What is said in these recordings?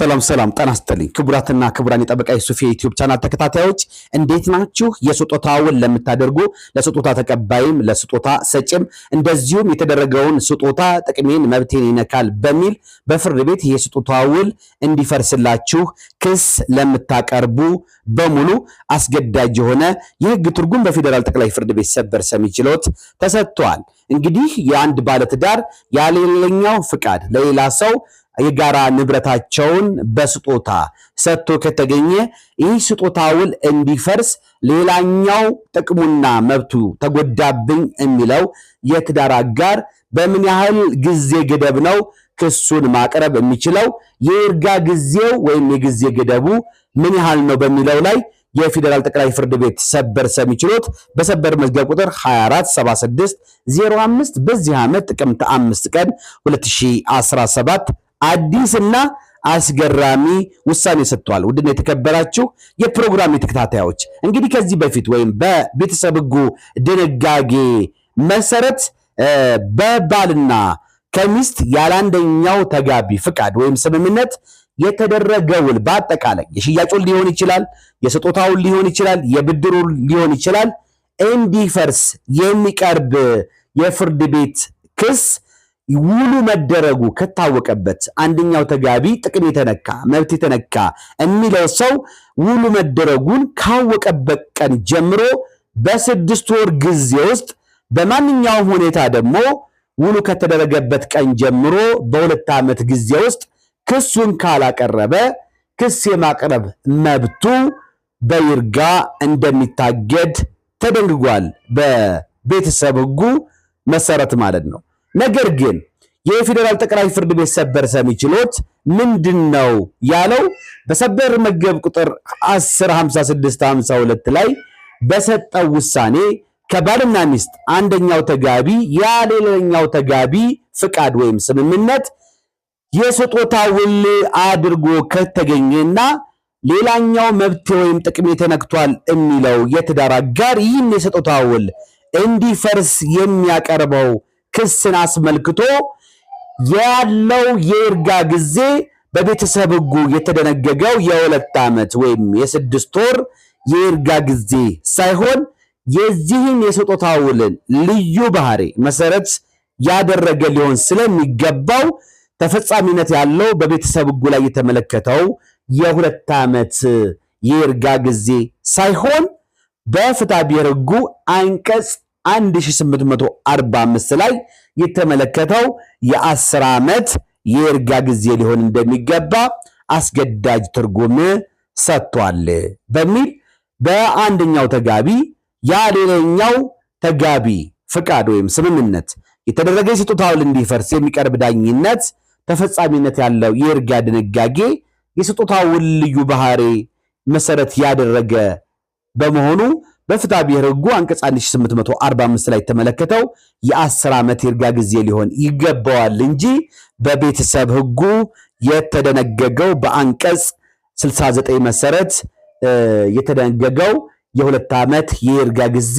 ሰላም ሰላም ጤና ይስጥልኝ ክቡራትና ክቡራን የጠበቃ ዩሱፍ የዩቲዩብ ቻናል ተከታታዮች እንዴት ናችሁ? የስጦታውን ለምታደርጉ ለስጦታ ተቀባይም ለስጦታ ሰጭም እንደዚሁም የተደረገውን ስጦታ ጥቅሜን መብቴን ይነካል በሚል በፍርድ ቤት የስጦታ ውል እንዲፈርስላችሁ ክስ ለምታቀርቡ በሙሉ አስገዳጅ የሆነ የህግ ትርጉም በፌዴራል ጠቅላይ ፍርድ ቤት ሰበር ሰሚ ችሎት ተሰጥቷል። እንግዲህ የአንድ ባለትዳር ያለሌላኛው ፍቃድ ለሌላ ሰው የጋራ ንብረታቸውን በስጦታ ሰጥቶ ከተገኘ ይህ ስጦታ ውል እንዲፈርስ ሌላኛው ጥቅሙና መብቱ ተጎዳብኝ የሚለው የትዳር አጋር በምን ያህል ጊዜ ገደብ ነው ክሱን ማቅረብ የሚችለው? የይርጋ ጊዜው ወይም የጊዜ ገደቡ ምን ያህል ነው በሚለው ላይ የፌዴራል ጠቅላይ ፍርድ ቤት ሰበር ሰሚ ችሎት በሰበር መዝገብ ቁጥር 2476 05 በዚህ ዓመት ጥቅምት 5 ቀን 2017 አዲስና አስገራሚ ውሳኔ ሰጥቷል። ውድና የተከበራችሁ የፕሮግራም ተከታታዮች እንግዲህ ከዚህ በፊት ወይም በቤተሰብ ህጉ ድንጋጌ መሰረት በባልና ከሚስት ያለ አንደኛው ተጋቢ ፍቃድ ወይም ስምምነት የተደረገ ውል በአጠቃላይ የሽያጩን ሊሆን ይችላል፣ የስጦታው ሊሆን ይችላል፣ የብድሩ ሊሆን ይችላል እንዲፈርስ የሚቀርብ የፍርድ ቤት ክስ ውሉ መደረጉ ከታወቀበት አንደኛው ተጋቢ ጥቅም የተነካ መብት የተነካ የሚለው ሰው ውሉ መደረጉን ካወቀበት ቀን ጀምሮ በስድስት ወር ጊዜ ውስጥ በማንኛውም ሁኔታ ደግሞ ውሉ ከተደረገበት ቀን ጀምሮ በሁለት ዓመት ጊዜ ውስጥ ክሱን ካላቀረበ ክስ የማቅረብ መብቱ በይርጋ እንደሚታገድ ተደንግጓል። በቤተሰብ ሕጉ መሰረት ማለት ነው። ነገር ግን የፌዴራል ጠቅላይ ፍርድ ቤት ሰበር ሰሚ ችሎት ምንድን ነው ያለው? በሰበር መገብ ቁጥር 52 ላይ በሰጠው ውሳኔ ከባልና ሚስት አንደኛው ተጋቢ ሌላኛው ተጋቢ ፍቃድ ወይም ስምምነት የስጦታ ውል አድርጎ ከተገኘና ሌላኛው መብት ወይም ጥቅሜ ተነክቷል የሚለው የትዳር አጋር ይህን የስጦታ ውል እንዲፈርስ የሚያቀርበው ክስን አስመልክቶ ያለው የይርጋ ጊዜ በቤተሰብ ሕጉ የተደነገገው የሁለት ዓመት ወይም የስድስት ወር የይርጋ ጊዜ ሳይሆን የዚህን የስጦታ ውልን ልዩ ባህሪ መሰረት ያደረገ ሊሆን ስለሚገባው ተፈጻሚነት ያለው በቤተሰብ ሕጉ ላይ የተመለከተው የሁለት ዓመት የይርጋ ጊዜ ሳይሆን በፍትሐ ብሔር ሕጉ አንቀጽ 1845 ላይ የተመለከተው የአስር ዓመት የይርጋ ጊዜ ሊሆን እንደሚገባ አስገዳጅ ትርጉም ሰጥቷል በሚል በአንደኛው ተጋቢ ያ ሌላኛው ተጋቢ ፍቃድ ወይም ስምምነት የተደረገ የስጦታ ውል እንዲፈርስ የሚቀርብ ዳኝነት ተፈጻሚነት ያለው የይርጋ ድንጋጌ የስጦታ ውል ልዩ ባህሪ መሰረት ያደረገ በመሆኑ በፍትሐ ብሔር ህጉ አንቀጽ 1845 ላይ የተመለከተው የአስር ዓመት ይርጋ ጊዜ ሊሆን ይገባዋል እንጂ በቤተሰብ ህጉ የተደነገገው በአንቀጽ 69 መሰረት የተደነገገው የሁለት ዓመት የይርጋ ጊዜ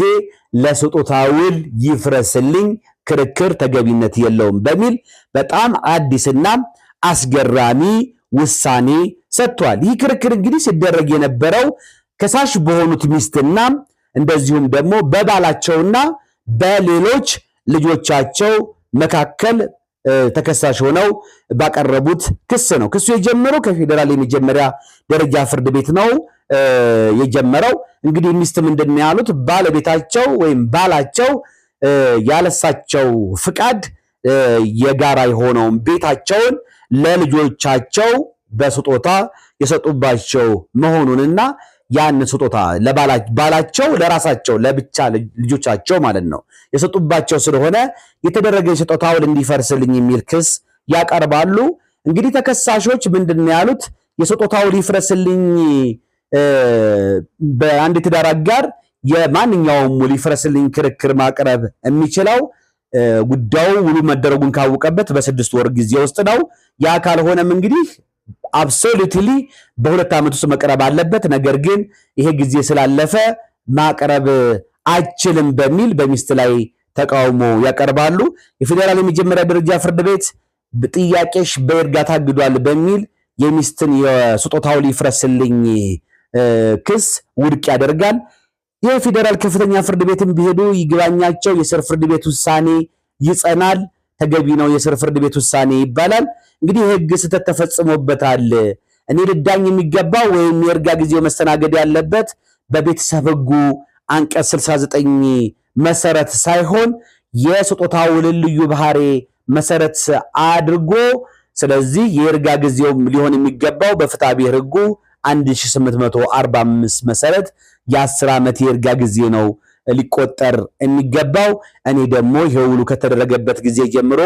ለስጦታ ውል ይፍረስልኝ ክርክር ተገቢነት የለውም በሚል በጣም አዲስና አስገራሚ ውሳኔ ሰጥቷል። ይህ ክርክር እንግዲህ ሲደረግ የነበረው ከሳሽ በሆኑት ሚስትና እንደዚሁም ደግሞ በባላቸውና በሌሎች ልጆቻቸው መካከል ተከሳሽ ሆነው ባቀረቡት ክስ ነው። ክሱ የጀመረው ከፌዴራል የመጀመሪያ ደረጃ ፍርድ ቤት ነው የጀመረው። እንግዲህ ሚስት ምንድን ያሉት? ባለቤታቸው ወይም ባላቸው ያለሳቸው ፍቃድ የጋራ የሆነውን ቤታቸውን ለልጆቻቸው በስጦታ የሰጡባቸው መሆኑንና ያን ስጦታ ባላቸው ለራሳቸው ለብቻ ልጆቻቸው ማለት ነው የሰጡባቸው ስለሆነ የተደረገ የስጦታውን እንዲፈርስልኝ የሚል ክስ ያቀርባሉ። እንግዲህ ተከሳሾች ምንድን ነው ያሉት? የስጦታው ውል በአንድ ትዳር አጋር የማንኛውም ውል ክርክር ማቅረብ የሚችለው ጉዳዩ ውሉ መደረጉን ካወቀበት በስድስት ወር ጊዜ ውስጥ ነው። ያ ካልሆነም እንግዲህ አብሶሉትሊ በሁለት ዓመት ውስጥ መቅረብ አለበት። ነገር ግን ይሄ ጊዜ ስላለፈ ማቅረብ አይችልም በሚል በሚስት ላይ ተቃውሞ ያቀርባሉ። የፌዴራል የመጀመሪያ ደረጃ ፍርድ ቤት ጥያቄሽ በይርጋ ታግዷል በሚል የሚስትን የስጦታው ሊፍረስልኝ ክስ ውድቅ ያደርጋል። የፌዴራል ከፍተኛ ፍርድ ቤትም ቢሄዱ ይግባኛቸው የስር ፍርድ ቤት ውሳኔ ይጸናል። ተገቢ ነው የስር ፍርድ ቤት ውሳኔ ይባላል። እንግዲህ የህግ ስህተት ተፈጽሞበታል። እኔ ልዳኝ የሚገባው ወይም የእርጋ ጊዜው መስተናገድ ያለበት በቤተሰብ ህጉ አንቀጽ 69 መሰረት ሳይሆን የስጦታውን ልዩ ባህሪ መሰረት አድርጎ ስለዚህ የእርጋ ጊዜው ሊሆን የሚገባው በፍትሐ ብሔር ህጉ 1845 መሰረት የ10 ዓመት የእርጋ ጊዜ ነው። ሊቆጠር የሚገባው እኔ ደግሞ ይሄ ውሉ ከተደረገበት ጊዜ ጀምሮ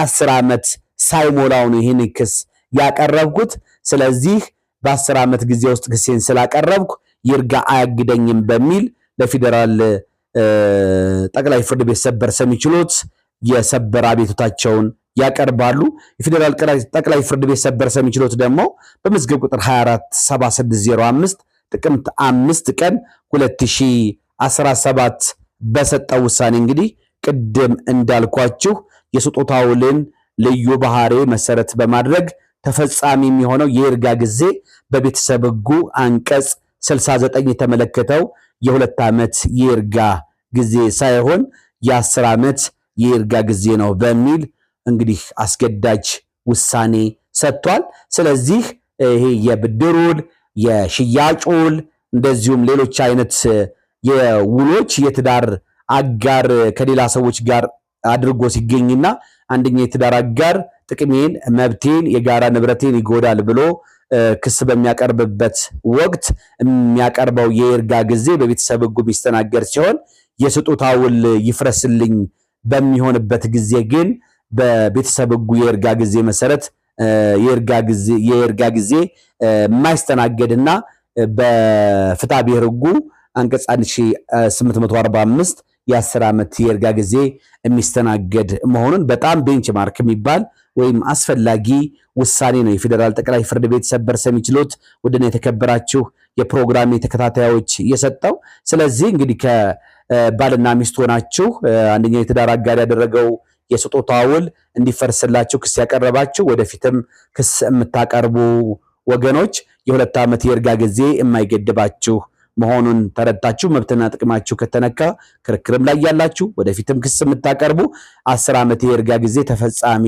አስር ዓመት ሳይሞላው ነው ይህን ክስ ያቀረብኩት። ስለዚህ በአስር ዓመት ጊዜ ውስጥ ክሴን ስላቀረብኩ ይርጋ አያግደኝም በሚል ለፌዴራል ጠቅላይ ፍርድ ቤት ሰበር ሰሚ ችሎት የሰበር አቤቱታቸውን ያቀርባሉ። የፌዴራል ጠቅላይ ፍርድ ቤት ሰበር ሰሚ ችሎት ደግሞ በመዝገብ ቁጥር 247605 ጥቅምት አምስት ቀን 17 በሰጠው ውሳኔ እንግዲህ ቅድም እንዳልኳችሁ የስጦታ ውልን ልዩ ባህሪ መሰረት በማድረግ ተፈጻሚ የሚሆነው የይርጋ ጊዜ በቤተሰብ ሕጉ አንቀጽ 69 የተመለከተው የሁለት ዓመት የይርጋ ጊዜ ሳይሆን የአስር ዓመት የይርጋ ጊዜ ነው በሚል እንግዲህ አስገዳጅ ውሳኔ ሰጥቷል። ስለዚህ ይሄ የብድር ውል የሽያጭ ውል እንደዚሁም ሌሎች አይነት የውሎች የትዳር አጋር ከሌላ ሰዎች ጋር አድርጎ ሲገኝና አንደኛ የትዳር አጋር ጥቅሜን፣ መብቴን፣ የጋራ ንብረቴን ይጎዳል ብሎ ክስ በሚያቀርብበት ወቅት የሚያቀርበው የይርጋ ጊዜ በቤተሰብ ሕጉ የሚስተናገድ ሲሆን የስጦታ ውል ይፍረስልኝ በሚሆንበት ጊዜ ግን በቤተሰብ ሕጉ የይርጋ ጊዜ መሰረት የይርጋ ጊዜ የማይስተናገድና በፍትሐ ብሔር ሕጉ አንቀጽ 1845 የ10 ዓመት የይርጋ ጊዜ የሚስተናገድ መሆኑን በጣም ቤንች ማርክ የሚባል ወይም አስፈላጊ ውሳኔ ነው። የፌዴራል ጠቅላይ ፍርድ ቤት ሰበር ሰሚ ችሎት ውድና የተከበራችሁ የፕሮግራሜ ተከታታዮች የሰጠው። ስለዚህ እንግዲህ ከባልና ሚስት ሆናችሁ አንደኛው የትዳር አጋር ያደረገው የስጦታ ውል እንዲፈርስላችሁ ክስ ያቀረባችሁ ወደፊትም ክስ የምታቀርቡ ወገኖች የሁለት ዓመት የእርጋ ጊዜ የማይገድባችሁ መሆኑን ተረድታችሁ መብትና ጥቅማችሁ ከተነካ ክርክርም ላይ ያላችሁ ወደፊትም ክስ የምታቀርቡ አስር ዓመት የእርጋ ጊዜ ተፈጻሚ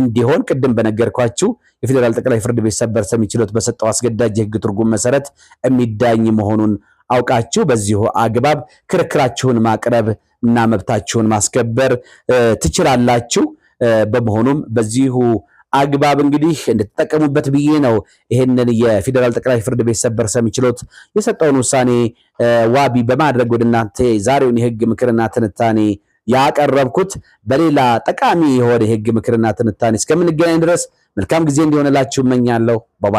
እንዲሆን ቅድም በነገርኳችሁ የፌዴራል ጠቅላይ ፍርድ ቤት ሰበር ሰሚ ችሎት በሰጠው አስገዳጅ የህግ ትርጉም መሰረት የሚዳኝ መሆኑን አውቃችሁ በዚሁ አግባብ ክርክራችሁን ማቅረብ እና መብታችሁን ማስከበር ትችላላችሁ። በመሆኑም በዚሁ አግባብ እንግዲህ እንድትጠቀሙበት ብዬ ነው ይህንን የፌዴራል ጠቅላይ ፍርድ ቤት ሰበር ሰሚ ችሎት የሰጠውን ውሳኔ ዋቢ በማድረግ ወደ እናንተ ዛሬውን የህግ ምክርና ትንታኔ ያቀረብኩት። በሌላ ጠቃሚ የሆነ የህግ ምክርና ትንታኔ እስከምንገናኝ ድረስ መልካም ጊዜ እንዲሆንላችሁ እመኛለሁ። ባባይ